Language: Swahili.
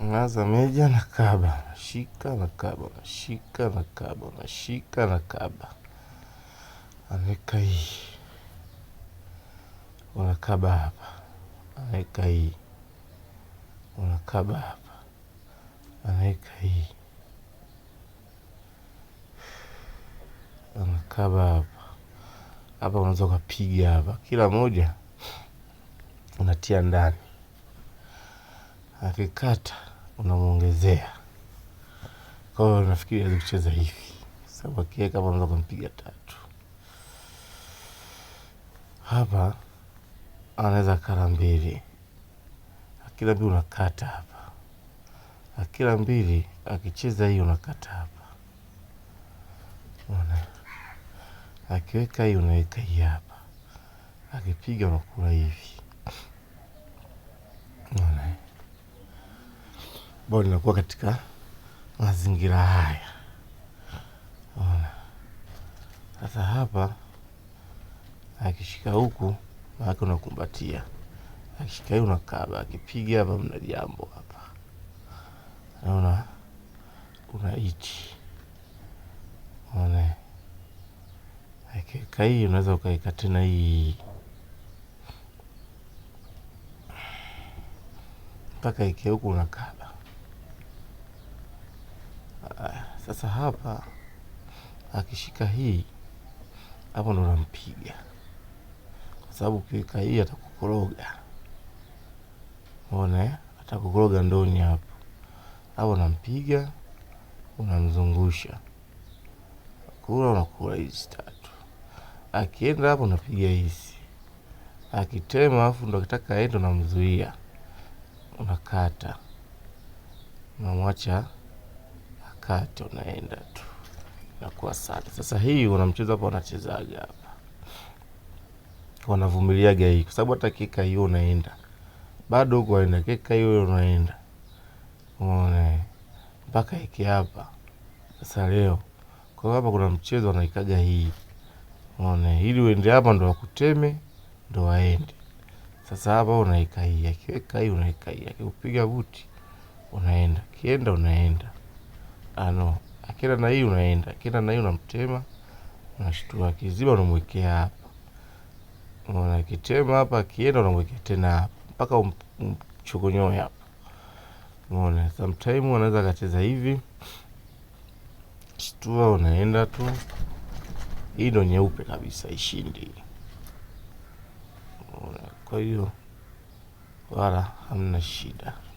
Naza meja nakaba, nashika nakaba, nashika nakaba, nashika nakaba. Anaweka hii, unakaba hapa, anaweka hii, unakaba hapa, anaweka hii, unakaba hapa. Hapa unaweza ukapiga hapa, kila moja unatia ndani, akikata unamwongezea. Kwa hiyo nafikiri aweze kucheza hivi, sababu akiweka hapa naweza kumpiga tatu hapa, anaweza kala mbili, akila mbili unakata hapa, akila mbili akicheza hii unakata hapa, ona akiweka hii unaweka hii hapa, akipiga unakula hivi ambayo ninakuwa katika mazingira haya. Ona sasa hapa, akishika huku maake unakumbatia, akishika hii unakaba, akipiga hapa, mna jambo hapa, naona unaichi one akiweka hii unaweza ukaweka tena hii mpaka ikeuku huku unakaa sasa hapa akishika hii hapo ndo nampiga, kwa sababu ukiweka hii atakukoroga. Unaona, eh? atakukoroga ndoni hapo. Hapo nampiga, unamzungusha kula, unakula hizi tatu. Akienda hapo unapiga hizi, akitema afu ndo akitaka aende, unamzuia, unakata, unamwacha wakati unaenda tu nakuwa sana. Sasa hii unamcheza hapa wanachezaga hapa wanavumiliaga hii, kwa sababu hata kika hiyo unaenda bado huko aenda kika hiyo unaenda unaona mpaka iki hapa sasa leo. Kwa hiyo hapa kuna mchezo wanaikaga hii, unaona, ili uende hapa ndo wakuteme ndo waende. Sasa hapa unaikaia, hii, akiweka hii unaikaia, hii, akiupiga buti unaenda, kienda unaenda ano akenda na hii unaenda, akenda na hii unamtema, unashtua. Akiziba unamwekea hapa, kitema hapa, akienda unamwekea tena hapa mpaka umchokonyoe um, hapa. unaona sometime anaweza akacheza hivi, shtua, unaenda tu. Hii ndo nyeupe kabisa, ishindi. Kwa hiyo wala hamna shida.